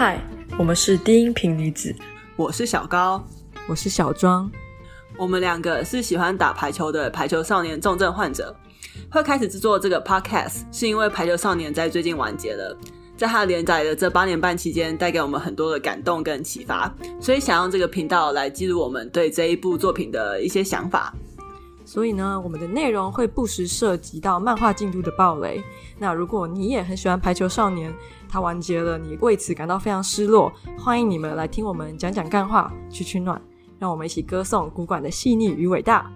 嗨，Hi, 我們是低音頻女子，我是小高，我是小莊，我們兩個是喜歡打排球的排球少年重症患者。會開始製作這個 podcast 是因為《排球少年》在最近完結了，在他連載的這八年半期間，帶給我們很多的感動跟啟發，所以想用這個頻道來記錄我們對這一部作品的一些想法。所以呢，我們的內容會不時涉及到漫畫進度的暴雷。那如果你也很喜歡《排球少年》，它完結了，你，你為此感到非常失落，歡迎你們來聽我們講講幹話，去取暖，讓我們一起歌頌古館的細膩與偉大。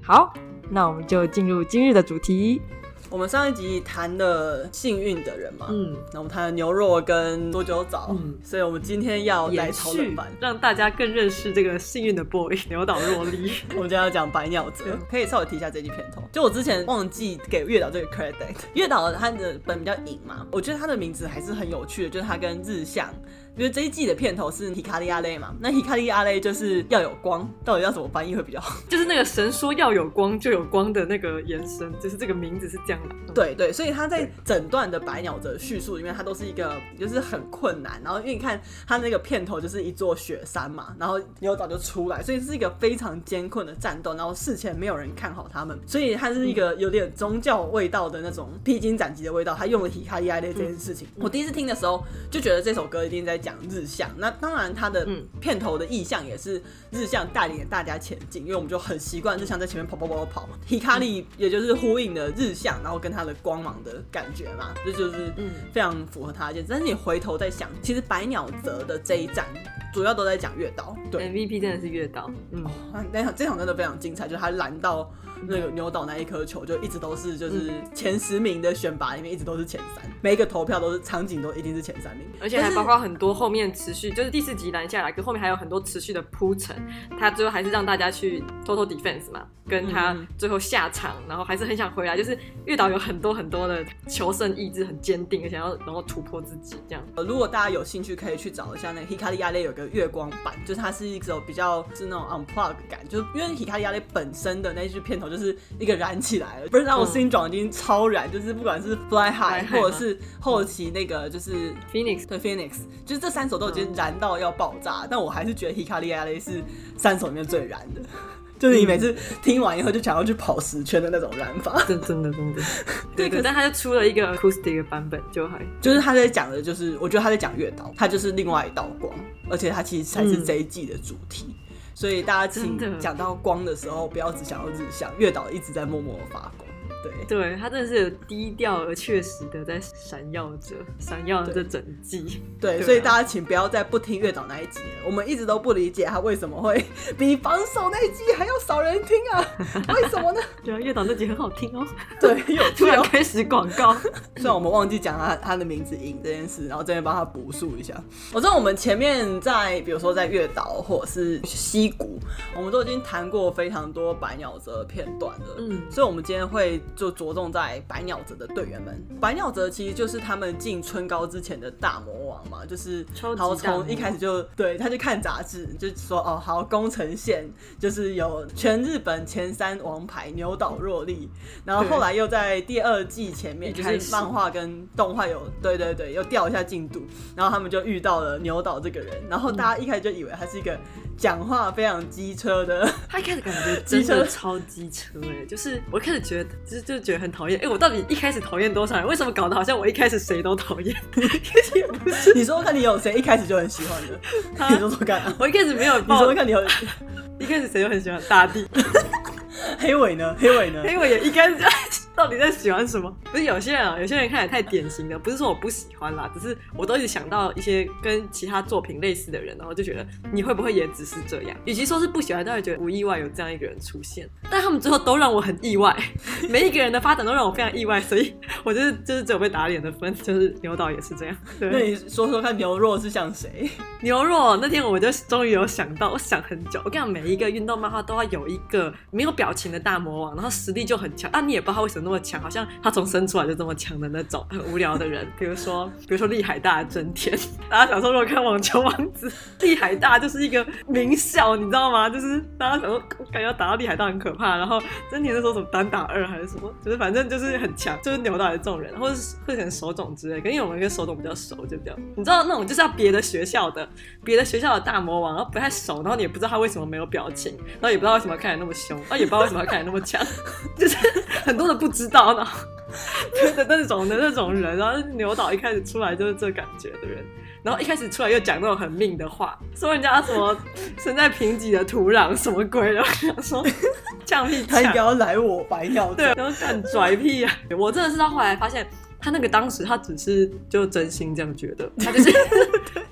好，那我們就進入今日的主題。我們上一集談了幸運的人嘛，嗯，我們談了牛若跟多久早，嗯，所以我們今天要來討論版，讓大家更認識這個幸運的 boy 牛島若利， 我們今天要講白鳥澤，對可以稍微提一下這集片頭，就我之前忘記給月島這個 credit，月島他的本比較隱嘛，我覺得他的名字還是很有趣的，就是他跟日向。因為這一季的片頭是《提卡利阿勒》嘛？那《提卡利阿勒》就是要有光，到底要怎麼翻譯會比較好？就是那個神說要有光就有光的那個延伸，就是這個名字是這樣的。嗯、對對，所以他在整段的白鳥的敘述裡面，他都是一個就是很困難。然後因為你看他那個片頭就是一座雪山嘛，然後牛島就出來，所以是一個非常艱困的戰鬥。然後事前沒有人看好他們，所以他是一個有點宗教味道的那種披荊斬棘的味道。他用了《提卡利阿勒》這件事情，嗯嗯、我第一次聽的時候就覺得這首歌一定在講。日向，那當然他的片頭的意象也是日向帶領大家前進，因為我們就很習慣日向在前面跑跑跑跑跑，皮卡利也就是呼應的日向，然後跟他的光芒的感覺嘛，這就,就是非常符合他的。但是你回頭再想，其實白鳥澤的這一戰主要都在講月島，對，MVP 真的是月島。嗯，那場、哦、這場真的非常精彩，就是他攔到。嗯、那個牛島那一顆球就一直都是就是前十名的選拔裡面一直都是前三，嗯、每一個投票都是場景都一定是前三名，是而且還包括很多後面持續就是第四集攔下來，跟後面還有很多持續的鋪陳，他最後還是讓大家去 total defense 嘛，跟他最後下場，然後還是很想回來，嗯、就是月島有很多很多的求勝意志很堅定，想要能夠突破自己這樣。呃、嗯，如果大家有興趣可以去找一下那《Hikariare》有個月光版，就是它是一首比較是那種 unplug 感，就是因為《Hikariare》本身的那句片頭。就是那個燃起來了，不是，但我心情已經超燃，嗯、就是不管是 Fly High，或者是後期那個就是 Phoenix，對 Phoenix，就是這三首都已經燃到要爆炸。嗯、但我還是覺得 Hikari Are 是三首裡面最燃的， 就是你每次聽完以後就想要去跑十圈的那種燃法。嗯、 真的真的真的。對，可是他就出了一個 acoustic 的版本，就還就是他在講的，就是我覺得他在講月島，他就是另外一道光，嗯、而且他其實才是這一季的主題。嗯所以大家請講到光的時候，不要只想要日向，月島一直在默默的發光。對，他真的是有低調而確實的在閃耀着閃耀着整季。對，對啊、所以大家請不要再不聽月島那一集了。我們一直都不理解他為什麼會比防守那一集還要少人聽啊？ 為什麼呢？對啊，月島那集很好聽哦，喔。對， 突然開始廣告， 雖然我們忘記講他他的名字影這件事，然後這邊幫他補述一下。我知道我們前面在比如說在月島或者是西谷，我們都已經談過非常多白鳥澤片段了。嗯，所以我們今天會。就着重在白鳥澤的隊員們，白鳥澤其實就是他們進春高之前的大魔王嘛，就是，然後從一開始就對他就看雜誌，就說哦好，宮城縣就是有全日本前三王牌牛島若利，然後後來又在第二季前面對就是開始漫畫跟動畫有，對對對，又調一下進度，然後他們就遇到了牛島這個人，然後大家一開始就以為他是一個。講話非常機車的，他一開始感覺機車超、欸、機車，哎，就是我一開始覺得就就覺得很討厭，哎、欸，我到底一開始討厭多少人？為什麼搞得好像我一開始誰都討厭？ 也不是，你說看你有誰一開始就很喜歡的，哈你說說看。我一開始沒有，你說看你有， 一開始誰就很喜歡大地？ 黑尾呢？黑尾呢？黑尾也一開始就。到底在喜歡什麼？不是有些人啊、喔，有些人看起來太典型了。不是說我不喜歡啦，只是我都一直想到一些跟其他作品類似的人，然後就覺得你會不會也只是這樣？與其說是不喜歡，倒是覺得不意外有這樣一個人出現。但他們最後都讓我很意外，每一個人的發展都讓我非常意外，所以我就是就是只有被打臉的分，就是牛島也是這樣。對。那你說說看，牛若是像誰？牛若那天我就終於有想到，我想很久。我跟你講，每一個運動漫畫都要有一個沒有表情的大魔王，然後實力就很強。那你也不知道為什麼。那麼強，好像他從生出來就這麼強的那種很無聊的人。比如說，比如說立海大的真田，大家小時候如果看《網球王子》，立海大就是一個名校，你知道嗎？就是大家小時候感覺打到立海大很可怕。然後真田那時候什麼單打二還是什麼，就是反正就是很強，就是牛島這種人，或者是會很手塚之類。可因為我們跟手塚比較熟，就這樣。你知道那種就是要別的學校的、別的學校的大魔王，然後不太熟，然後你也不知道他為什麼沒有表情，然後也不知道為什麼看起來那麼兇，然後也不知道為什麼看起來那麼強， 就是很多的不。知道呢，就是那種的那種人，然後牛島一開始出來就是這感覺的人，然後一開始出來又講那種很命的話，說人家什麼身在貧瘠的土壤什麼鬼的，然後說犟屁，他一定要來我白鳥，對，然後很拽屁啊，我真的是到後來發現。他那個當時，他只是就真心這樣覺得，他就是，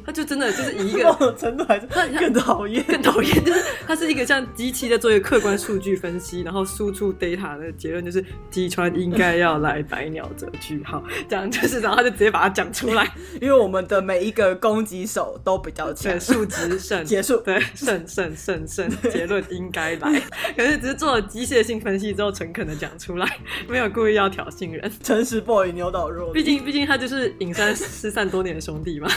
他就真的就是一個真的還是更討厭更討厭，就是他是一個像機器在做一個客觀數據分析，然後輸出 data 的結論就是，及川應該要來白鳥澤句號，這樣就是，然後他就直接把它講出來，因為我們的每一個攻擊手都比較強，結束值勝結束，對勝勝勝，勝結論應該來，可是只是做了機械性分析之後，誠懇的講出來，沒有故意要挑釁人，誠實 boy 牛。畢竟，畢竟他就是影山失散多年的兄弟嘛，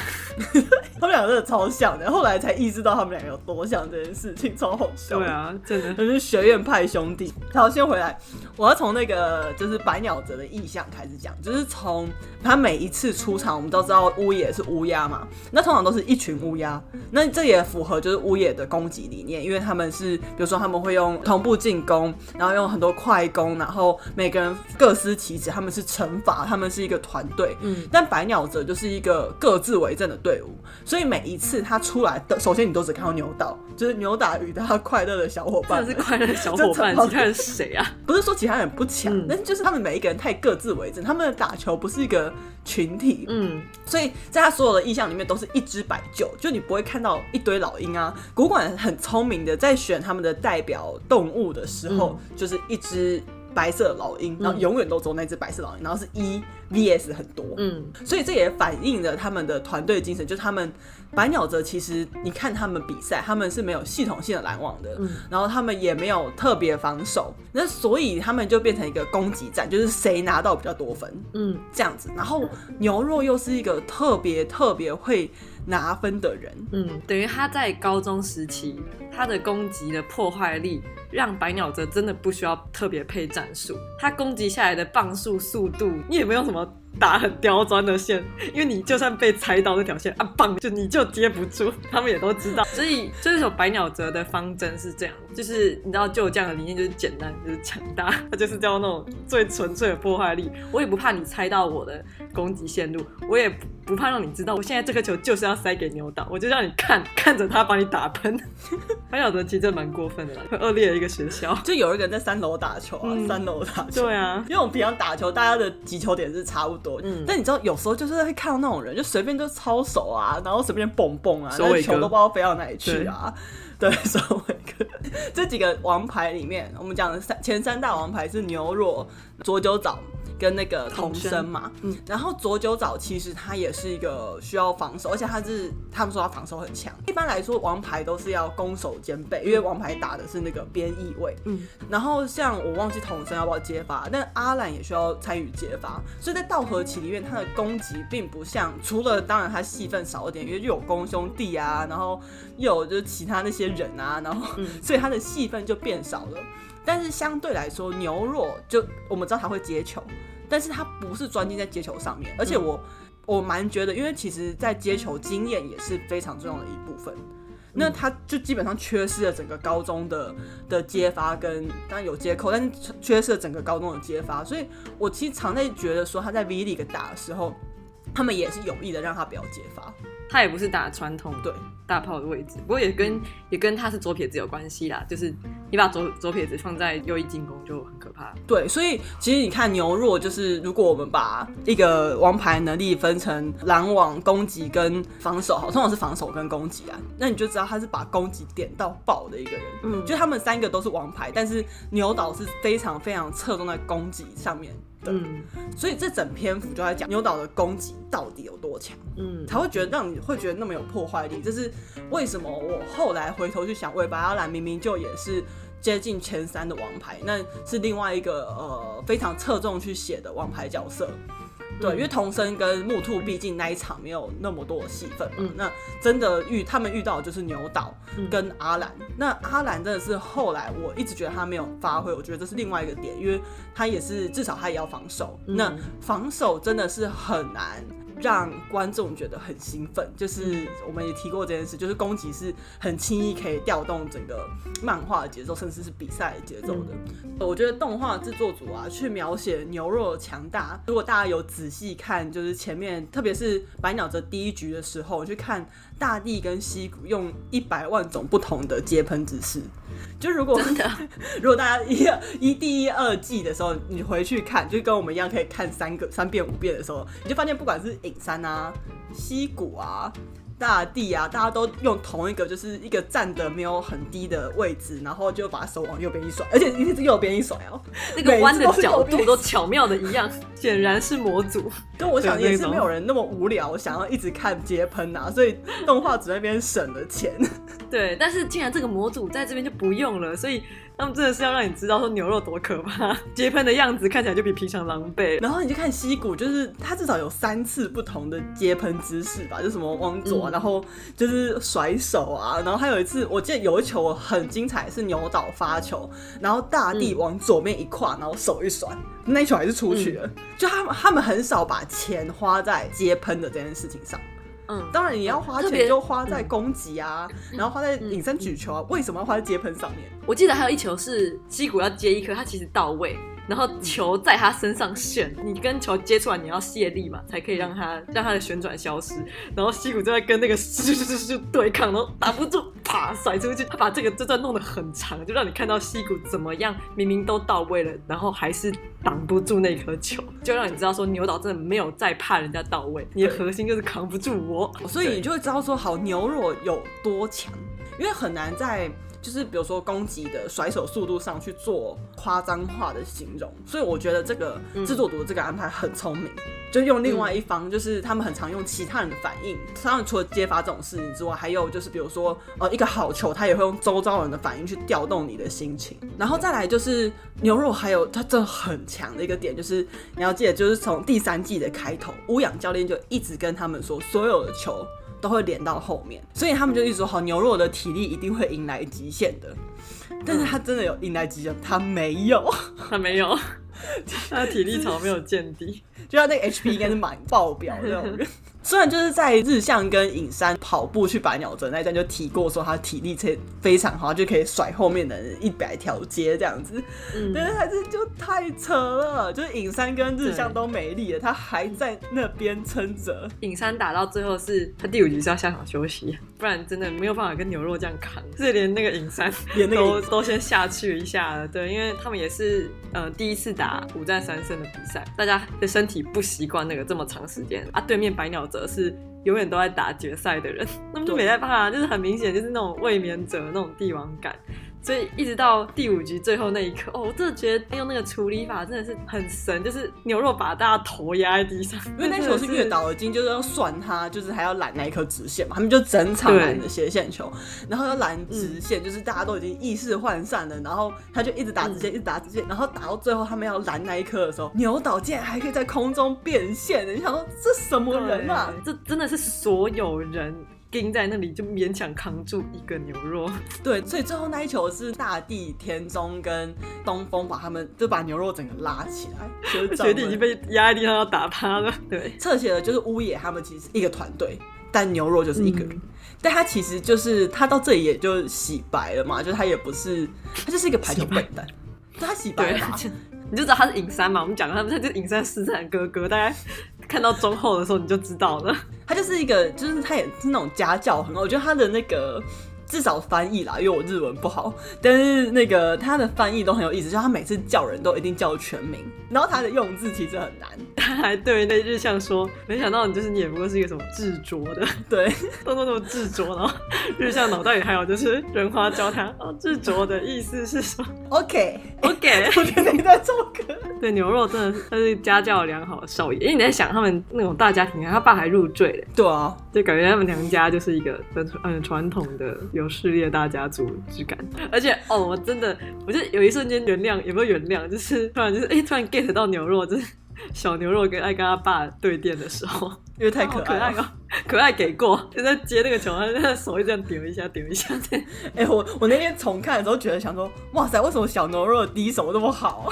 他們兩個真的超像的，後來才意識到他們兩個有多像這件事情，超好笑的。對啊，就是學院派兄弟。好，先回來，我要從那個就是白鳥澤的意象開始講，就是從他每一次出場，我們都知道烏野是烏鴉嘛，那通常都是一群烏鴉，那這也符合就是烏野的攻擊理念，因為他們是，比如說他們會用同步進攻，然後用很多快攻，然後每個人各司其職，他們是懲罰他們。是一個團隊，嗯，但白鳥澤就是一個各自為政的隊伍，所以每一次他出來的，首先你都只看到牛島，就是牛若與他快樂的小夥伴，伴，是快樂的小夥伴，好快是誰啊？不是說其他人不強，嗯、但是就是他們每一個人太各自為政，他們的打球不是一個群體，嗯，所以在他所有的意象裡面都是一隻白鷲，就你不會看到一堆老鷹啊。古館很聰明的在選他們的代表動物的時候，嗯、就是一隻白色老鷹，然後永遠都走那隻白色老鷹，然後是一。vs 很多，嗯，所以這也反映了他們的團隊精神，就他們白鳥澤其實你看他們比賽，他們是沒有系統性的攔網的，嗯、然後他們也沒有特別防守，那所以他們就變成一個攻擊戰，就是誰拿到比較多分，嗯，這樣子。然後牛若又是一個特別特別會拿分的人，嗯，等於他在高中時期他的攻擊的破壞力讓白鳥澤真的不需要特別配戰術，他攻擊下來的棒數速度你也沒有什麼。打很刁鑽的線，因為你就算被猜到那條線啊，棒就你就接不住，他們也都知道。所以，所以這首白鳥澤的方針是這樣，就是你知道，就有這樣的理念，就是簡單，就是強大，它就是叫那種最純粹的破壞力。我也不怕你猜到我的攻擊線路，我也不怕讓你知道，我現在這顆球就是要塞給牛島，我就讓你看看着他把你打噴。白 鳥澤其實蠻過分的啦，很惡劣的一個學校，就有一個人在三樓打球啊，嗯、三樓打球。對啊，因為我們平常打球，大家的擊球點是差不。多，嗯、但你知道有時候就是會看到那種人，就隨便就抄手啊，然後隨便蹦蹦啊，那球都不知道飛到哪裡去啊，對，所以。所一個 這幾個王牌裡面，我們講的三前三大王牌是牛若、佐久早，跟那個桐生嘛，學嗯、然後佐久早其實他也是一個需要防守，而且他是他們說他防守很強。一般來說，王牌都是要攻守兼備，因為王牌打的是那個邊翼位。嗯，然後像我忘記桐生要不要接發，但阿蘭也需要參與接發，所以在稻荷崎裡面，他的攻擊並不像，除了當然他戲份少一點，因為又有宮兄弟啊，然後又有就其他那些人啊，然後、嗯、所以他的戲份就變少了。但是相對來說，牛若就我們知道他會接球。但是他不是專精在接球上面，而且我、嗯、我蠻覺得，因為其實，在接球經驗也是非常重要的一部分。嗯、那他就基本上缺失了整個高中的的接發跟，跟、嗯、當然有接扣，但是缺失了整個高中的接發。所以我其實常在覺得說，他在 V League 打的時候，他們也是有意的讓他不要接發。他也不是打傳統對大炮的位置，不過也跟也跟他是左撇子有關係啦，就是。你把左左撇子放在右翼進攻就很可怕。對，所以其實你看牛若，就是如果我們把一個王牌能力分成攔網、攻擊跟防守，好，通常是防守跟攻擊啊，那你就知道他是把攻擊點到爆的一個人。嗯，就他們三個都是王牌，但是牛島是非常非常側重在攻擊上面的。嗯，所以這整篇幅就在講牛島的攻擊到底有多強，嗯，才會覺得讓你會覺得那麼有破壞力。這、就是為什麼我後來回頭去想，尾白阿蘭明明就也是接近前三的王牌，那是另外一個呃非常側重去寫的王牌角色，嗯、對，因為童生跟木兔畢竟那一場沒有那麼多的戲份嘛，嗯，那真的遇他們遇到的就是牛島跟阿蘭，嗯、那阿蘭真的是後來我一直覺得他沒有發揮，我覺得這是另外一個點，因為他也是至少他也要防守，嗯、那防守真的是很難。讓觀眾覺得很興奮，就是我們也提過這件事，就是攻擊是很輕易可以調動整個漫畫節奏，甚至是比賽節奏的。我覺得動畫制作組啊，去描寫牛若強大。如果大家有仔細看，就是前面特別是白鳥澤第一局的時候，去看大地跟西谷用一百萬種不同的接噴姿勢。就如果的 如果大家一,一第一二季的時候，你回去看，就跟我們一樣可以看三個三遍五遍的時候，你就發現不管是。山啊，溪谷啊，大地啊，大家都用同一個，就是一個站得沒有很低的位置，然後就把手往右邊一甩，而且右邊一甩哦、啊，那個彎的角度都巧妙的一樣，顯 然是模組。跟我想也是沒有人那麼無聊， 想要一直看街噴啊，所以動畫組那邊省了錢。對，但是既然這個模組在這邊就不用了，所以。他們真的是要讓你知道說牛若多可怕，接噴的樣子看起來就比平常狼狽。然後你就看西谷，就是他至少有三次不同的接噴姿勢吧，就什麼往左、啊，嗯、然後就是甩手啊，然後還有一次我記得有一球很精彩，是牛島發球，然後大地往左面一跨，然後手一甩，那一球還是出去了。嗯、就他他們很少把錢花在接噴的這件事情上。嗯，當然你要花錢就花在攻擊啊，嗯嗯、然後花在隱身舉球啊，嗯嗯、為什麼要花在接噴上面？我記得還有一球是西谷要接一顆，他其實到位，然後球在他身上旋，你跟球接出來，你要卸力嘛，才可以讓他讓他的旋轉消失。然後膝骨就在跟那個就就就就對抗，然後擋不住，啪，甩出去。他把這個這段弄得很長，就讓你看到膝骨怎麼樣，明明都到位了，然後還是擋不住那顆球，就讓你知道說牛島真的沒有再怕人家到位，你的核心就是扛不住我，對哦、所以你就會知道說好牛若有多強，因為很難在。就是比如說攻擊的甩手速度上去做誇張化的形容，所以我覺得這個制作組的這個安排很聰明，就用另外一方，就是他們很常用其他人的反應。他們除了揭發這種事情之外，還有就是比如說，呃，一個好球他也會用周遭人的反應去調動你的心情。然後再來就是牛若，還有他真的很強的一個點就是你要記得，就是從第三季的開頭，烏養教練就一直跟他們說所有的球。都會連到後面，所以他們就一直說：“好，牛若的體力一定會迎來極限的。”但是他真的有迎來極限？他沒有，嗯、他沒有，他的體力槽沒有見底， 就他那個 HP 應該是蠻爆表的那種人。雖然就是在日向跟影山跑步去白鳥澤那一段就提過說他體力非非常好，就可以甩後面的一百條街這樣子，嗯、但是還是就太扯了，就是影山跟日向都沒力了，對他還在那邊撐着。影山打到最後是他第五局是要下場休息。不然真的沒有辦法跟牛若這樣，扛就連那個影山都影山都，都先下去一下了。對，因為他們也是呃第一次打五戰三勝的比賽，大家的身體不習慣那個這麼長時間啊。對面白鳥澤是永遠都在打決賽的人，那麼就沒害怕啊，對就是很明顯就是那種衛冕者那種帝王感。所以一直到第五局最後那一刻，哦，我真的覺得用那個處理法真的是很神，就是牛若把大家頭壓在地上，因為那球是牛島的金，就是要算他，就是還要攔那一顆直線嘛，他們就整場攔的斜線球，對然後要攔直線，嗯、就是大家都已經意識渙散了，然後他就一直打直線，嗯、一直打直線，然後打到最後他們要攔那一顆的時候，牛島竟然還可以在空中變線，你想說這什麼人啊？這真的是所有人。跟在那裡就勉強扛住一個牛若，對，所以最後那一球是大地、田中跟東峰把他們就把牛若整個拉起來。就決定已經被壓在地上要打趴了，對。側寫的就是烏野他們其實是一個團隊，但牛若就是一個人，嗯、但他其實就是他到這裡也就洗白了嘛，就他也不是他就是一個排球笨蛋，洗白就他洗白了嘛。你就知道他是影山嘛，我們講過他，他就影山四山哥哥。大家看到中後的時候，你就知道了。 他就是一個，就是他也是那種家教很好。我覺得他的那個。至少翻譯啦，因為我日文不好。但是那個他的翻譯都很有意思，就他每次叫人都一定叫全名，然後他的用字其實很難。他還對那日向說：“沒想到你就是你，也不過是一個什麼執着的，對，動作那麼執着。”然後日向腦袋裡還有就是仁花教他：“哦，執着的意思是什麼？”“OK，OK。” Okay. Okay. 我覺得你在做梗。 對，牛若真的他是家教良好的少爺。因、欸、為你在想他們那種大家庭，他爸還入贅的。對啊，就感覺他們娘家就是一個很很傳統的。有事業大家族之感，而且哦，我真的，我就有一瞬間原諒，有沒有原諒？就是突然，就是哎、欸，突然 get 到牛肉，就是小牛肉跟愛跟他爸對電的時候，因為太可愛了，他可愛、喔，可愛給過，就在接那個球，他手一直這樣頂一下，頂一下，哎、欸，我我那天重看的時候，覺得想說，哇塞，為什麼小牛肉的低手那麼好？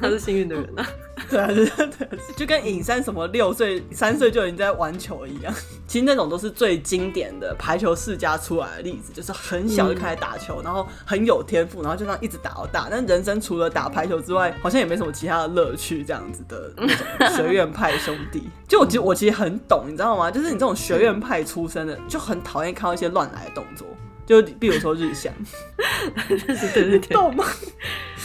他是幸運的人啊。 對啊，對，對，對，就跟影山什麼六歲、三歲就已經在玩球一樣。其實那種都是最經典的排球世家出來的例子，就是很小就開始打球，然後很有天賦，然後就這樣一直打到大。但人生除了打排球之外，好像也沒什麼其他的樂趣，這樣子的那種 學院派兄弟。就我其實我其實很懂，你知道嗎？就是你這種學院派出身的，就很討厭看到一些亂來的動作。就比如說日向， 這是這是對對對，動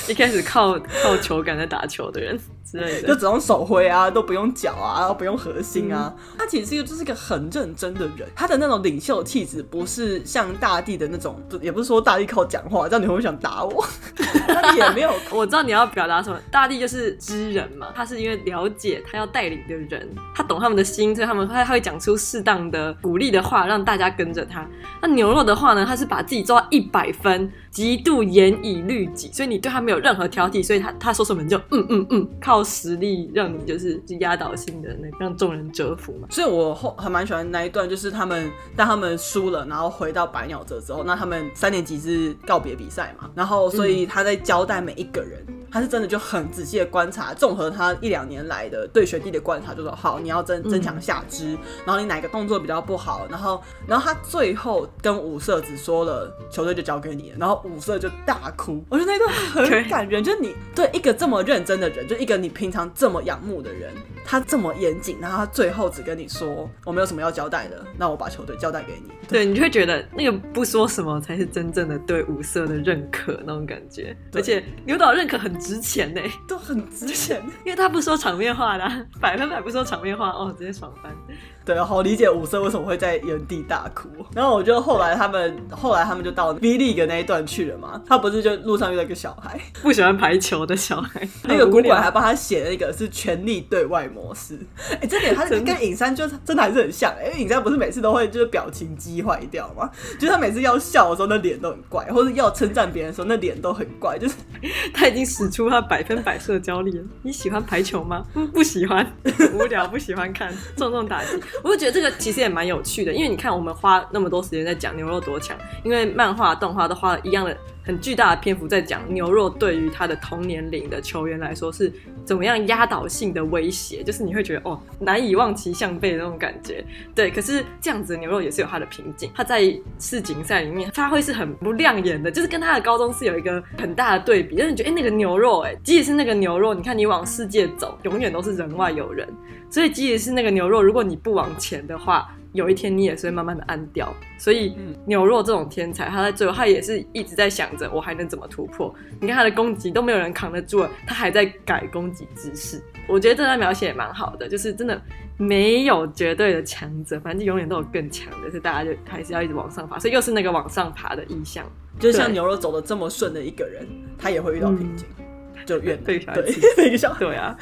一開始靠靠球感在打球的人之類的，就只用手揮啊，都不用腳啊，不用核心啊。嗯，他其實一個就是一個很認真的人，他的那種領袖氣質不是像大地的那種，也不是說大地靠講話。這樣你會不會想打我？ 他也沒有， 我知道你要表達什麼。大地就是知人嘛，他是因為了解他要帶領的人，他懂他們的心，所以他們他會講出適當的鼓勵的話，讓大家跟着他。那牛若的話呢？他是把自己做到一百分，極度嚴以律己，所以你對他沒有任何挑剔，所以他他說什麼你就嗯嗯嗯，靠實力讓你就是壓倒性的那讓眾人折服嘛。所以，我後還蠻喜歡那一段，就是他們當他們輸了，然後回到白鳥澤之後，那他們三年級是告別比賽嘛，然後所以他在交代每一個人。嗯他是真的就很仔細的觀察，綜合他一兩年來的對學弟的觀察，就是、說，好，你要增增強下肢，然後你哪個動作比較不好，然後然後他最後跟五色只說了，球隊就交給你了，然後五色就大哭，我覺得那段很感人，就是你對一個這麼認真的人，就是、一個你平常這麼仰慕的人。他這麼嚴謹，然後他最後只跟你說，我沒有什麼要交代的，那我把球隊交代給你。對，對，你就會覺得那個不說什麼才是真正的對五色的認可那種感覺，對而且牛導認可很值錢呢，都很值錢， 因為他不說場面話啦、啊，百分百不說場面話哦，直接爽翻。對，好理解五色為什麼會在原地大哭。然後我就後來他們對後來他們就到 V League 那一段去了嘛。他不是就路上遇到一個小孩，不喜歡排球的小孩。那個古館還幫他寫了一個是全力對外模式。哎，真的，他可能跟影山就真的還是很像。因為影山不是每次都會就是表情肌壞掉嗎？就是他每次要笑的時候那臉都很怪，或者要稱讚別人的時候那臉都很怪，就是他已經使出他百分百社交力了。 你喜歡排球嗎？不,不喜歡，無聊，不喜歡看，重重打擊。我就覺得這個其實也蠻有趣的，因為你看，我們花那麼多時間在講牛若多強，因為漫畫、動畫都花了一樣的。很巨大的篇幅在講牛若，對於他的同年齡的球員來說是怎麼樣壓倒性的威脅，就是你會覺得哦，難以望其項背的那種感覺。對，可是這樣子的牛若也是有它的瓶頸，他在世錦賽裡面發揮是很不亮眼的，就是跟他的高中是有一個很大的對比。但是你覺得，誒，那個牛若，欸，誒，即使是那個牛若，你看你往世界走，永遠都是人外有人。所以即使是那個牛若，如果你不往前的話。有一天你也是會慢慢的按掉，所以牛若這種天才，他在最後他也是一直在想着我還能怎麼突破。你看他的攻擊都沒有人扛得住了，他還在改攻擊姿勢。我覺得這段描寫也蠻好的，就是真的沒有絕對的強者，反正永遠都有更強的是，是大家就還是要一直往上爬。所以又是那個往上爬的意象，就像牛若走的這麼順的一個人，他也會遇到瓶頸。嗯就原隊對，那個小孩。對啊，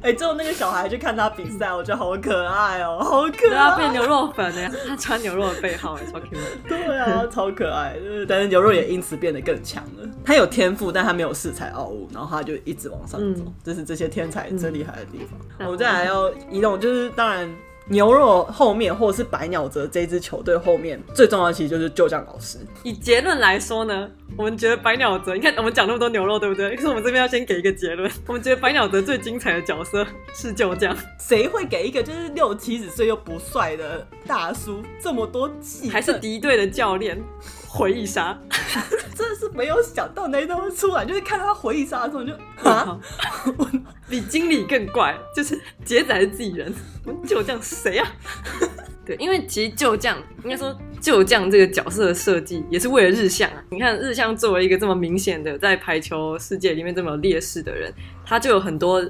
哎、欸，之後那個小孩去看他比賽，我覺得好可愛哦、喔，好可愛，變、啊、牛肉粉了呀，他穿牛肉的背號、欸，超可愛。對啊，超可愛， 但是牛肉也因此變得更強了。他有天賦，但他沒有恃才傲物，然後他就一直往上走，嗯、這是這些天才最厲害的地方。嗯、我們再來要移動，就是當然。牛若後面，或者是白鳥澤這支球隊後面，最重要的其實就是鷲匠老師。以結論來說呢，我們覺得白鳥澤，你看我們講那麼多牛若，對不對？可是我們這邊要先給一個結論，我們覺得白鳥澤最精彩的角色是鷲匠。誰會給一個就是六七十歲又不帥的大叔這麼多戲，還是敵隊的教練？回憶殺， 真的是沒有想到那一段會出來，就是看到他回憶殺的時候就啊， 比經理更怪，就是傑仔是自己人，舊將是誰啊？ 對，因為其實舊將應該說舊將這，這個角色的設計也是為了日向啊。你看日向作為一個這麼明顯的在排球世界裡面這麼有劣勢的人，他就有很多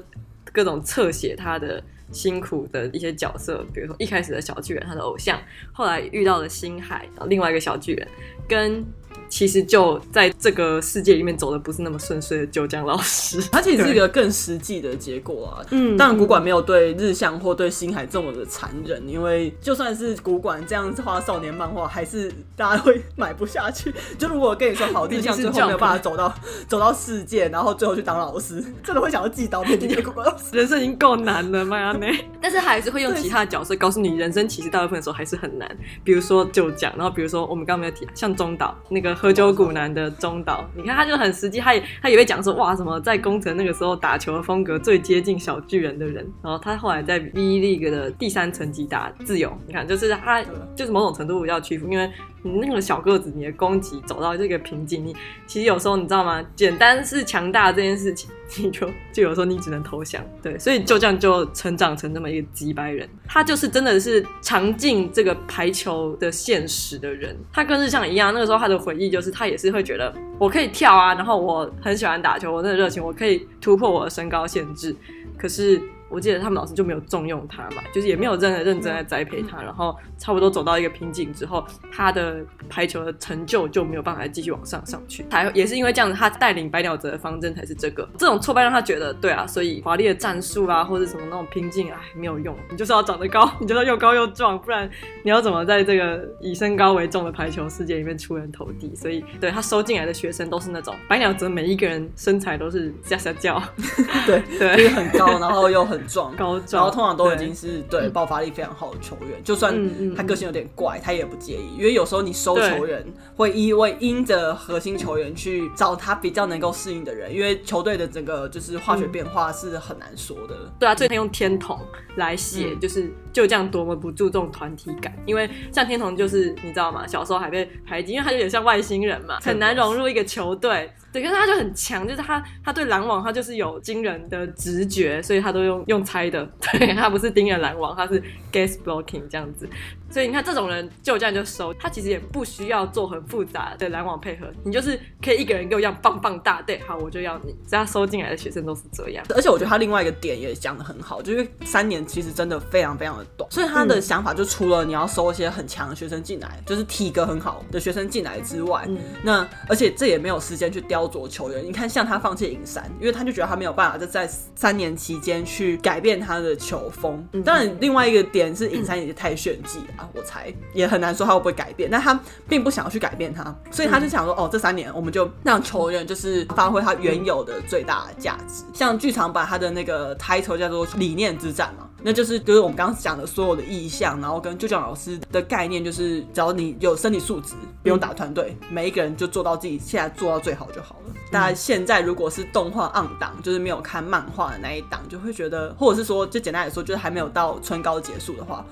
各種側寫他的。辛苦的一些角色，比如說一開始的小巨人，他的偶像，後來遇到了星海，然後另外一個小巨人，跟。其實就在這個世界裡面走的不是那麼順遂的九江老師，他其實是一個更實際的結果啊。嗯，當然古館沒有對日向或對星海這麼的殘忍，因為就算是古館這樣子畫少年漫畫，還是大家會買不下去。就如果跟你說好，日向最後沒有辦法走到 走到世界，然後最後去當老師，真的會想要寄刀片給今天的古館老師，人生已經夠難了嘛，邁阿密。但是還是會用其他的角色告訴你，對人生其實大部分的時候還是很難。比如說就江，然後比如說我們剛剛沒有提，像中島那個。何久股南的中島，你看他就很實際，他也他也會講說，哇，什麼在宮城那個時候打球的風格最接近小巨人的人？然後他後來在 V League 的第三層級打自由，你看就是他就是某種程度要屈服，因為。你那個小個子，你的攻擊走到這個瓶頸，你其實有時候你知道嗎？簡單是強大這件事情，你就就有時候你只能投降，對，所以就這樣就成長成那麼一個機掰人，他就是真的是嘗盡這個排球的現實的人，他跟日向一樣，那個時候他的回憶就是他也是會覺得我可以跳啊，然後我很喜歡打球，我那個熱情，我可以突破我的身高限制，可是。我記得他們老師就沒有重用他嘛，就是也沒有真的認真來栽培他，然後差不多走到一個瓶頸之後，他的排球的成就就沒有辦法繼續往上上去。還也是因為這樣子，他帶領白鳥澤的方針才是這個。這種挫敗讓他覺得，對啊，所以華麗的戰術啊，或者什麼那種瓶頸啊，沒有用。你就是要長得高，你就是要又高又壯，不然你要怎麼在這個以身高為重的排球世界裡面出人頭地？所以，對，他收進來的學生都是那種白鳥澤每一個人身材都是嚇嚇叫，對對，又 對很高，然後又很。撞高壯，然後通常都已經是對，對爆發力非常好的球員，就算他個性有點怪，他也不介意，因為有時候你收球員會因為因着核心球員去找他比較能夠適應的人，因為球隊的整個就是化學變化是很難說的。對啊，所以他用天童來寫，就是。就這樣，多麼不注重團體感，因為像天童就是你知道嗎？小時候還被排擠，因為他有點像外星人嘛，很難融入一個球隊。對，可是他就很強，就是他他對攔網他就是有驚人的直覺，所以他都用用猜的。對，他不是盯着攔網，他是 guess blocking 這樣子。所以你看，這種人就這樣就收，他其實也不需要做很複雜的攔網配合，你就是可以一個人給我一樣棒棒大對，好我就要你。只要收進來的學生都是這樣，而且我覺得他另外一個點也講得很好，就是三年其實真的非常非常的短，所以他的想法就除了你要收一些很強的學生進來，就是體格很好的學生進來之外，那而且這也沒有時間去雕琢球員。你看，像他放棄影山，因為他就覺得他沒有辦法在三年期間去改變他的球風。當然，另外一個點是影山也是太炫技了。我才也很難說他會不會改變，但他並不想要去改變他，所以他就想說：嗯、哦，這三年我們就讓球員就是發揮他原有的最大價值。像劇場版他的那個 title 叫做《理念之戰》嘛，那就是就是我們剛剛講的所有的意象，然後跟鷲匠老師的概念就是：只要你有身體素質，不用打團隊，嗯、每一個人就做到自己現在做到最好就好了。嗯、但現在如果是動畫 on 檔，就是沒有看漫畫的那一檔，就會覺得，或者是說就簡單來說，就是還沒有到春高結束的話。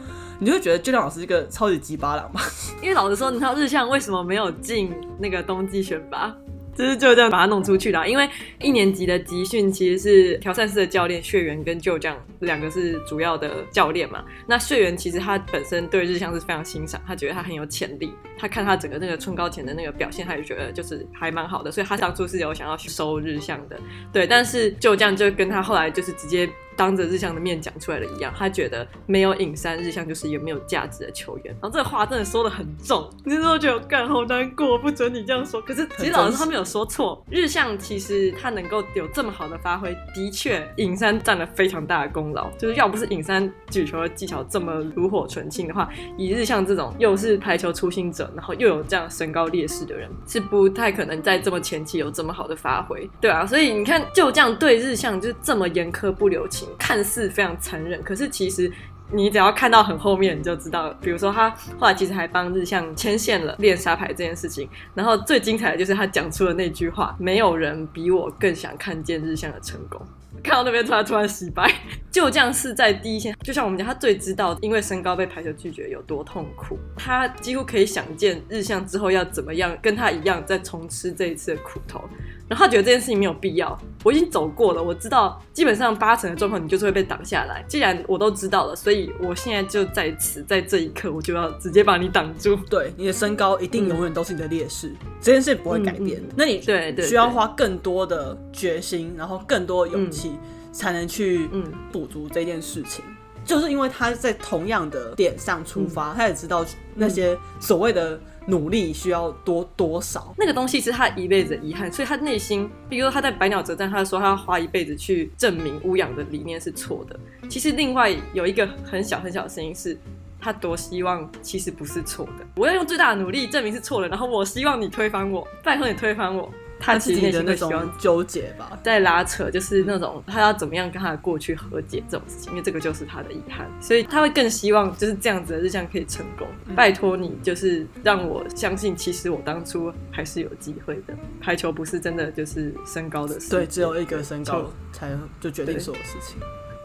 你就覺得舊將老師一個超級雞巴郎嗎？因為老實說，你知道日向為什麼沒有進那個冬季選拔，就是就這樣把他弄出去了。因為一年級的集訓其實是挑戰式的教練，血緣跟舊將兩個是主要的教練嘛。那血緣其實他本身對日向是非常欣賞，他覺得他很有潛力，他看他整個那個春高前的那個表現，他也覺得就是還蠻好的，所以他當初是有想要去收日向的。對，但是舊將就跟他後來就是直接。當着日向的面講出來的一樣，他覺得沒有影山日向就是一個沒有價值的球員。然後這個話真的說得很重，你是不是覺得幹好難過，不准你這樣說。可是其實老實說，他沒有說錯。日向其實他能夠有這麼好的發揮，的確影山佔了非常大的功勞。就是要不是影山舉球的技巧這麼爐火純青的話，以日向這種又是排球初心者，然後又有這樣身高劣勢的人，是不太可能在這麼前期有這麼好的發揮，對啊，所以你看，就這樣對日向就是這麼嚴苛不留情。看似非常殘忍，可是其實你只要看到很後面，你就知道了。比如說他後來其實還幫日向牽線了練沙排這件事情，然後最精彩的就是他講出了那句話：“沒有人比我更想看見日向的成功。”看到那邊突然突然洗白， 就像是在第一線就像我們講，他最知道因為身高被排球拒絕有多痛苦，他幾乎可以想見日向之後要怎麼樣跟他一樣再重吃這一次的苦頭。然後他覺得這件事情沒有必要，我已經走過了，我知道基本上八成的狀況你就是會被擋下來。既然我都知道了，所以我現在就在此，在這一刻，我就要直接把你擋住。對，你的身高一定永遠都是你的劣勢，嗯、這件事不會改變。嗯嗯、那你對、對、對需要花更多的決心，然後更多的勇氣，嗯、才能去嗯補足這件事情。嗯、就是因為他在同樣的點上出發，嗯、他也知道那些所謂的。努力需要多多少？那個東西是他一輩子的遺憾，所以他內心，比如說他在白鳥澤戰，他說他要花一輩子去證明烏養的理念是錯的。其實另外有一個很小很小的聲音是，他多希望其實不是錯的。我要用最大的努力證明是錯的，然後我希望你推翻我，拜托你推翻我。他其實那種糾結吧，在拉扯，就是那種他要怎麼樣跟他的過去和解這種事情，因為這個就是他的遺憾，所以他會更希望就是這樣子，的，日向可以成功。拜託你，就是讓我相信，其實我當初還是有機會的。排球不是真的就是身高的事，對，對只有一個身高才就決定所有事情。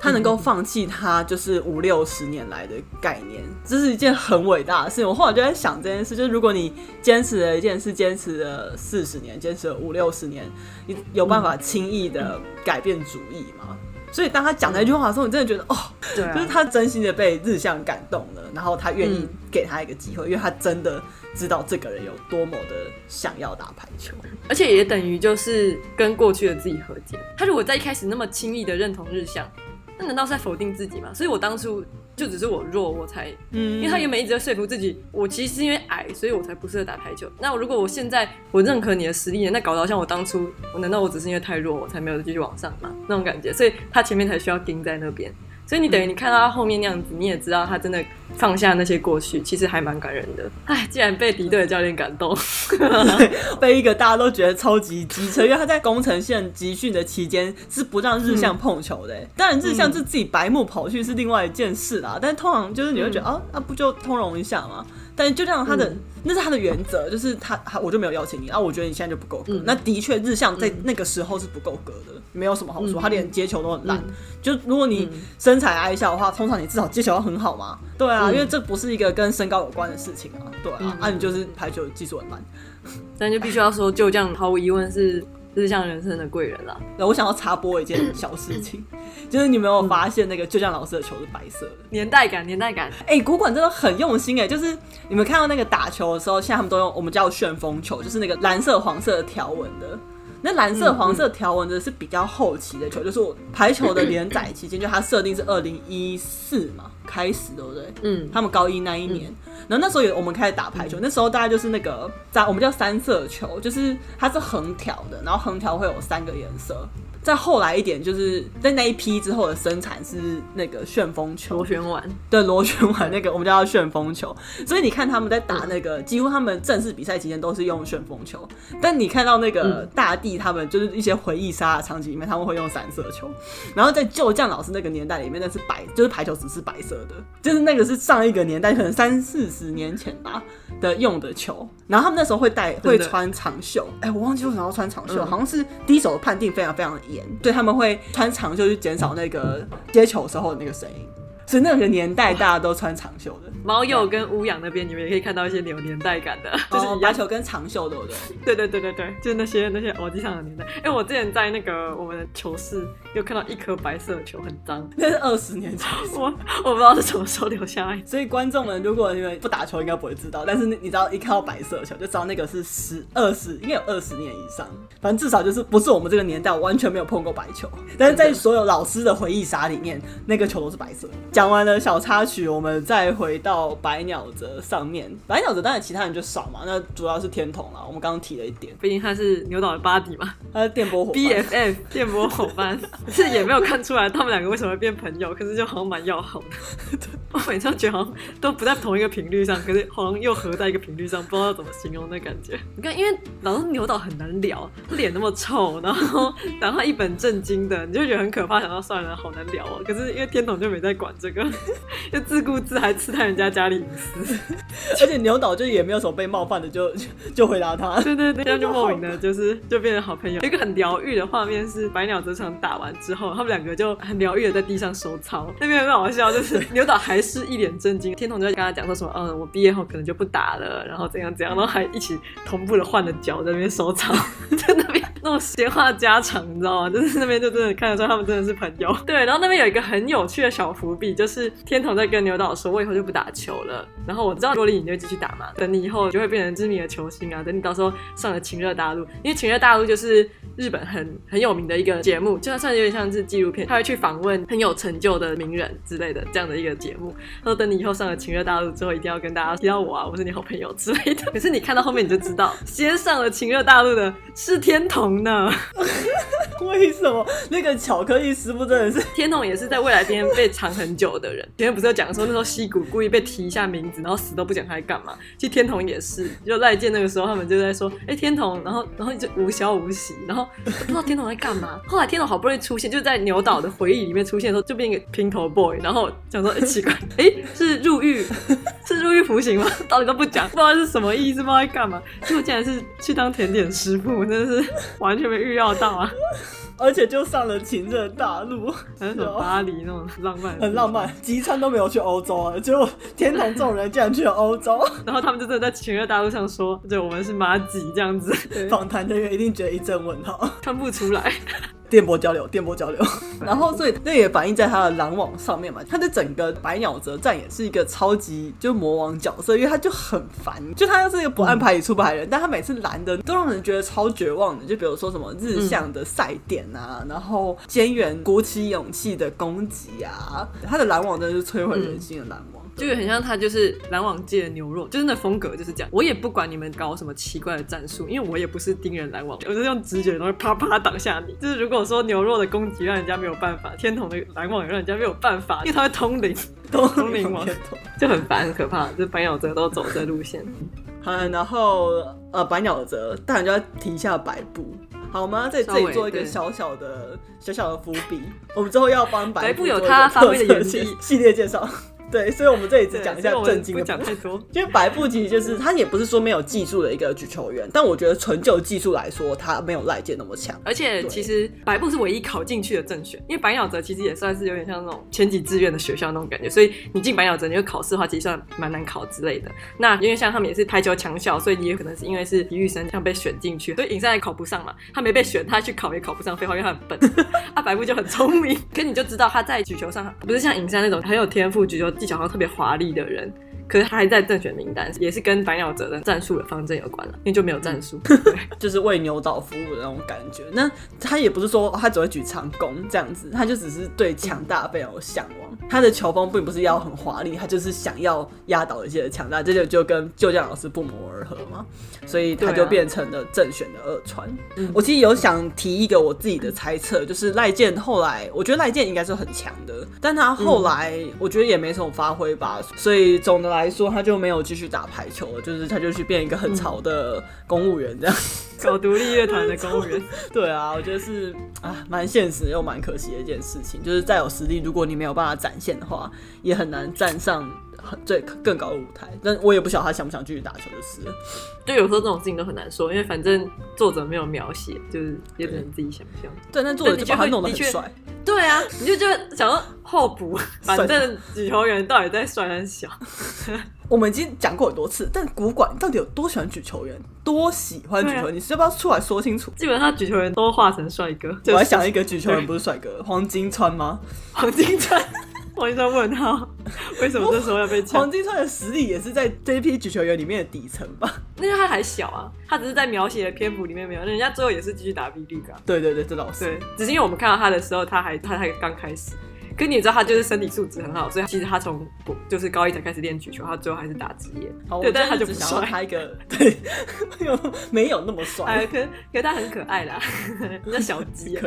他能夠放棄他就是五六十年來的概念，這是一件很偉大的事情。我後來就在想這件事，就是如果你堅持了一件事，堅持了四十年，堅持了五六十年，你有辦法輕易的改變主意嗎？所以當他講那句話的時候，是你真的覺得哦，對、啊，就是他真心的被日向感動了，然後他願意給他一個機會，嗯、因為他真的知道這個人有多麼的想要打排球，而且也等於就是跟過去的自己和解。他如果在一開始那麼輕易的認同日向，那難道是在否定自己嗎？所以我當初就只是我弱，我才嗯，因為他原本一直在說服自己，我其實是因為矮，所以我才不適合打排球。那如果我現在我認可你的實力，那搞得像我當初，我難道我只是因為太弱，我才沒有繼續往上嗎？那種感覺，所以他前面才需要盯在那邊。所以你等於你看到他後面那樣子，嗯、你也知道他真的放下那些過去，嗯、其實還蠻感人的。哎，竟然被敵對的教練感動，嗯、 被一個大家都覺得超級機車，因為他在工程線集訓的期間是不讓日向碰球的。嗯、當然，日向是自己白目跑去是另外一件事啦。嗯、但是通常就是你會覺得、嗯、啊，那、啊、不就通融一下嗎？但就這樣，他的、嗯、那是他的原則，就是他，他我就沒有邀請你啊，我覺得你現在就不夠格。那、嗯、的確，日向在那個時候是不夠格的，沒有什麼好說。嗯、他連接球都很爛。嗯、就如果你身材矮小的話，通常你至少接球要很好嘛。對啊，嗯、因為這不是一個跟身高有關的事情啊。對啊，嗯、啊，你就是排球技術很爛。嗯嗯、 但就必須要說，就這樣，毫無疑問是。是像人生的貴人了、啊嗯。我想要插播一件小事情， 就是你們有沒有發現那個鷲匠老師的球是白色的，年代感，年代感。哎、欸，古館真的很用心哎、欸，就是你們看到那個打球的時候，現在他們都用我們叫旋風球，就是那個藍色黃色條紋的。那藍色黃色條紋的是比較後期的球，嗯、就是我排球的連載期間，就它設定是二零一四嘛。開始，對不對？嗯，他們高一那一年，然後那時候也我們開始打排球，嗯、那時候大概就是那個我們叫三色球，就是它是橫條的，然後橫條會有三個顏色。再後來一點，就是在那一批之後的生產是那個旋風球、螺旋丸，對，螺旋丸那個我們叫做旋風球。所以你看他們在打那個，嗯、幾乎他們正式比賽期間都是用旋風球。但你看到那個大地他們就是一些回憶殺場景裡面，他們會用三色球。然後在鷲匠老師那個年代裡面，那是白，就是排球只是白色的，就是那個是上一個年代，可能三四十年前吧的用的球。然後他們那時候會帶會穿長袖，哎、嗯欸，我忘記為什麼要穿長袖，嗯、好像是第一手的判定非常非常。對，他們會穿長袖去減少那個接球時候的那個聲音。所以那個年代大家都穿長袖的，貓又跟烏陽那邊你們也可以看到一些有，有年代感的，就是牙、哦、球跟長袖的。對， 對對對對對，就那些那些我機、哦、上的年代。因、欸、為我之前在那個我們的球室又看到一顆白色的球，很髒，那是二十年前， 我我不知道是什麼時候留下來。所以觀眾們如果你們不打球，應該不會知道，但是你知道一看到白色球就知道那個是十、二十，應該有二十年以上，反正至少就是不是我們這個年代，我完全沒有碰過白球，但是在所有老師的回憶殺裡面，的那個球都是白色的。講完了小插曲，我們再回到白鳥澤上面。白鳥澤當然其他人就少嘛，那主要是天童啦。我們剛剛提了一點，畢竟他是牛島的 buddy 嘛。他是電波火 B F M 電波伙伴， 是也沒有看出來他們兩個為什麼會變朋友，可是就好像蠻要好的 對。我每次覺得好像都不在同一個頻率上，可是好像又合在一個頻率上，不知道怎麼形容那感覺。你看，因為老是牛島很難聊，臉那麼臭，然後然後一本正經的，你就覺得很可怕，想到算了，好難聊哦、喔。可是因為天童就沒在管這個。 就自顧自還刺探人家家裡隱私，而且牛島就也沒有什麼被冒犯的，就就，就回答他，對對對，這樣就莫名的，就是就變成好朋友。有一個很療癒的畫面是白鳥澤這場打完之後，他們兩個就很療癒的在地上收操 那邊很有有好笑，就是對牛島還是一臉震驚，天童就跟他講說什麼，嗯，我畢業後可能就不打了，然後怎樣怎樣，然後還一起同步的換了腳在那邊收操。 在那邊那種閒話家常，你知道嗎？就是那邊就真的看得出他們真的是朋友。對，然後那邊有一個很有趣的小伏筆。就是天童在跟牛島說，我以後就不打球了。然後我知道若利，你就繼續打嘛。等你以後就會變成知名的球星啊。等你到時候上了《情熱大陸》，因為《情熱大陸》就是日本很很有名的一個節目，就算，算有點像是紀錄片，他會去訪問很有成就的名人之類的這樣的一個節目。他說，等你以後上了《情熱大陸》之後，一定要跟大家提到我啊，我是你好朋友之類的。可是你看到後面你就知道，先上了《情熱大陸》的是天童呢。 為什麼那個巧克力師傅真的是天童？也是在未來天被藏很久。有的人，今天不是有講說那時候西谷故意被提一下名字，然後死都不講他在幹嘛。其實天童也是，就賴建那個時候他們就在說，哎、欸，天童，然後然後就無消無息，然後不知道天童在幹嘛。後來天童好不容易出現，就在牛島的回憶裡面出現的時候，就變成一個平頭 boy，然後講說，哎、欸，奇怪，哎、欸，是入獄，是入獄服刑嗎？到底都不講，不知道是什麼意思，不知道在幹嘛。結果竟然是去當甜點師傅，真的是完全沒預料到啊。而且就上了情《情熱大陸》，還是什麼巴黎那種浪漫，很浪漫。及川都沒有去歐洲啊，結果天童眾人竟然去了歐洲， 然後他們就真的在在《情熱大陸》上說：“對，我們是麻吉這樣子。對”訪談人員一定覺得一陣問號，看不出來。電波交流，電波交流， 然後所以那也反映在他的攔網上面嘛。他的整個白鳥澤戰也是一個超級就魔王角色，因為他就很煩，就他要是一個不按牌理出牌的人，嗯、但他每次攔的都讓人覺得超絕望的。就比如說什麼日向的賽點啊，嗯、然後菅原鼓起勇氣的攻擊啊，他的攔網真的是摧毀人心的攔網。嗯就很像他，就是攔網界的牛若，就是那風格就是這樣。我也不管你們搞什麼奇怪的戰術，因為我也不是盯人攔網，我就是用直覺，然後啪啪擋下你。就是如果說牛若的攻擊讓人家沒有辦法，天童的攔網也讓人家沒有辦法，因為他會通靈，通靈王天童就很煩很可怕。就是、白鳥澤都走這路線， 好，然後呃，白鳥澤，當然就要提一下白布，好嗎？在這裡做一個小小的小小的伏筆，我們之後要幫白布有他發揮的演戲系列介紹。對，所以我們這裡只講一下正經的白布，我 因為白布其實就是他也不是說沒有技術的一個舉球員， 但我覺得純就技術來說，他沒有賴傑那麼強。而且對其實白布是唯一考進去的正選，因為白鳥澤其實也算是有點像那種前幾志願的學校那種感覺，所以你進白鳥澤，你就考試的話，其實算蠻難考之類的。那因為像他們也是台球強校，所以你也可能是因為是體育生，像被選進去，所以影山也考不上嘛，他沒被選，他去考也考不上，廢話，因為他很笨。 啊，白布就很聰明，可你就知道他在舉球上，不是像影山那種很有天賦舉球、技巧上特別華麗的人。可是他還在正選名單，也是跟白鳥澤的戰術的方針有關了，啊，因為就沒有戰術，嗯、對 就是為牛島服務的那種感覺。那他也不是說他只會舉長弓這樣子，他就只是對強大非常有向往。他的球風並不是要很華麗，他就是想要壓倒一些的強大，這就就跟古館老師不謀而合嘛，所以他就變成了正選的二傳。啊，我其實有想提一個我自己的猜測，嗯、就是瀨見後來，我覺得瀨見應該是很強的，但他後來我覺得也沒什麼發揮吧，所以總的來來說，他就沒有繼續打排球了，就是他就去變一個很潮的公務員，這樣、嗯、 搞獨立樂團的公務員潮。 對啊，我覺得是啊，蠻現實又蠻可惜的一件事情。就是再有實力，如果你沒有辦法展現的話，也很難站上很最更高的舞台，但我也不曉得他想不想繼續打球，就是，就有時候這種事情都很難說，因為反正作者沒有描寫，就是也只能自己想象。對、對，但作者但就把他弄得，很帥。對啊，你就就想要候補， 反正舉球員到底在帥還是小。我們已經講過很多次，但古館到底有多喜歡舉球員，多喜歡舉球員，對你是要不要出來說清楚？基本上舉球員都化成帥哥，就是、我還想一個舉球員不是帥哥，對黃金川嗎？黃金川。 黃金川問他為什麼這時候要被搶？黃金川的實力也是在這批舉球員裡面的底層吧？那為他還小啊，他只是在描寫的篇幅裡面沒有，人家最後也是繼續打 B l e 對對對，這倒是對，只是因為我們看到他的時候，他還他還剛開始。可你知道他就是身體素質很好，所以其實他從就是高一才開始練舉球，他最後還是打職業。對，哦、但是他就不帥。他一個對，沒，沒有那麼帥。哎，可可他很可愛的，那小雞。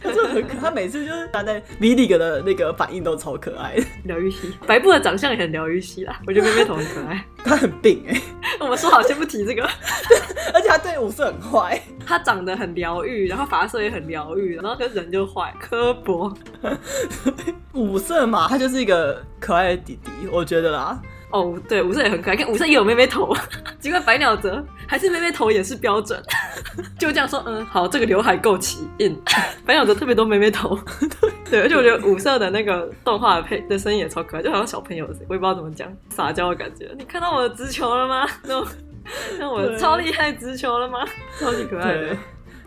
他真的很可，他每次就是打在 V-League 的那個反應都超可愛的。療癒系。白布的長相也很療癒系啦。我覺得妹妹頭很可愛， 他很病、欸 我們說好先不提這個， 而且他對五色很壞， 他長得很療癒，然後髮色也很療癒，然後跟人就壞，刻薄。五 色嘛，他就是一個可愛的弟弟，我覺得啦。哦，對，五色也很可愛，看五色也有妹妹頭，結果白鳥澤還是妹妹頭也是標準，就這樣說，嗯，好，這個劉海夠齊，嗯，白鳥澤特別多妹妹頭，對，而且我覺得五色的那個動畫的配的聲音也超可愛，就好像小朋友，我也不知道怎麼講，撒嬌的感覺。你看到我的直球了嗎？那、no, 對我超厲害直球了嗎？超級可愛的。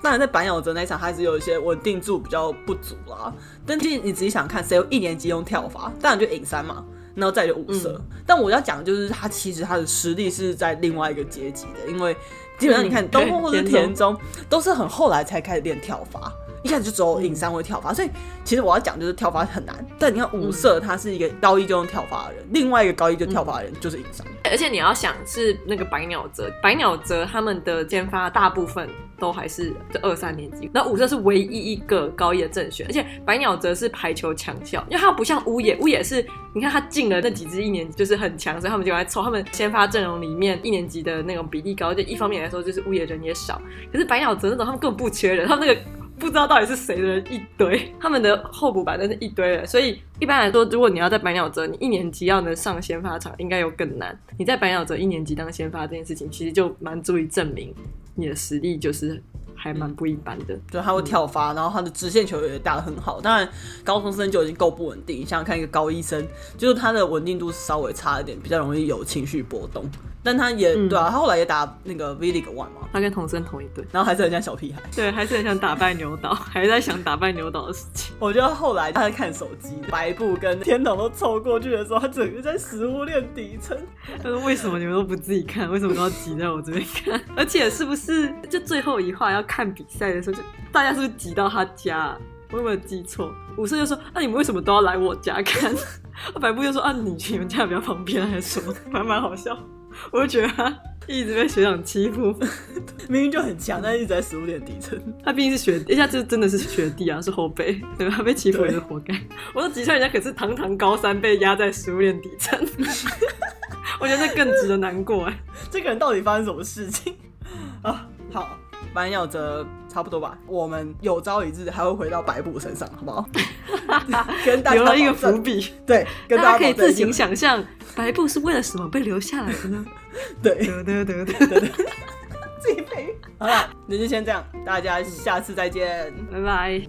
那在白鳥澤那場，還是有一些穩定度比較不足啦、啊，但其實你自己想看，誰有一年級用跳發？當然就影山嘛。然後再有五色，嗯、但我要講的就是他其實他的實力是在另外一個階級的，因為基本上你看東峰或者田中都是很後來才開始練跳發。一開始就只有影山會跳發，嗯、所以其實我要講就是跳發很難。但你看五色，他是一個高一就用跳發的人；嗯、另外一個高一就跳發的人就是影山、嗯。而且你要想是那個白鳥澤，白鳥澤他們的先發大部分都還是這二三年級。那五色是唯一一個高一的正選，而且白鳥澤是排球強校，因為他不像烏野，烏野是你看他進了那幾支一年級就是很強，所以他們就來抽他們先發陣容裡面一年級的那種比例高。就一方面來說就是烏野人也少，可是白鳥澤那種他們根本不缺人，他們那個。不知道到底是誰的人一堆，他們的候補版真是一堆人，所以一般來說，如果你要在白鳥澤，你一年級要能上先發場，應該又更難。你在白鳥澤一年級當先發這件事情，其實就蠻足以證明你的實力就是還蠻不一般的。對、嗯，就他會跳發，然後他的直線球也打得很好。當然，高中生就已經夠不穩定，你想想看一個高一生，就是他的穩定度稍微差一點，比較容易有情緒波動。但他也、嗯、對啊，他後來也打那個 V League One 嘛，他跟童詩跟同一隊，然後還是很像小屁孩，對，還是很想打敗牛島， 還是在想打敗牛島的事情。我覺得後來他在看手機，白布跟天童都湊過去的時候，他整個在食物鏈底層。他說為什麼你們都不自己看？為什麼都要擠在我這邊看？ 而且是不是就最後一話要看比賽的時候，就大家是不是擠到他家？我有沒有記錯？五色就說：“那、啊、你們為什麼都要來我家看？” 白布又說：“啊，你去你們家比較方便還是什麼？”還蠻好笑。我就覺得他一直被學長欺負， 明明就很強，但是一直在食物鏈底層。他畢竟是學，一下就真的是學弟啊，是後輩。對吧，他被欺負也是活該。對我說吉川人家可是堂堂高三，被壓在食物鏈底層，我覺得這更值得難過。 這個人到底發生什麼事情啊？好。好班耀有差不多吧，我們有朝一日還會回到白布身上，好不好？ 跟大家，留了一個伏筆，對，跟大家，大家可以自行想象，白布是為了什麼被留下來的呢？ 對，得得得得得，自己賠陪。好了，那就先這樣，大家下次再見，拜拜。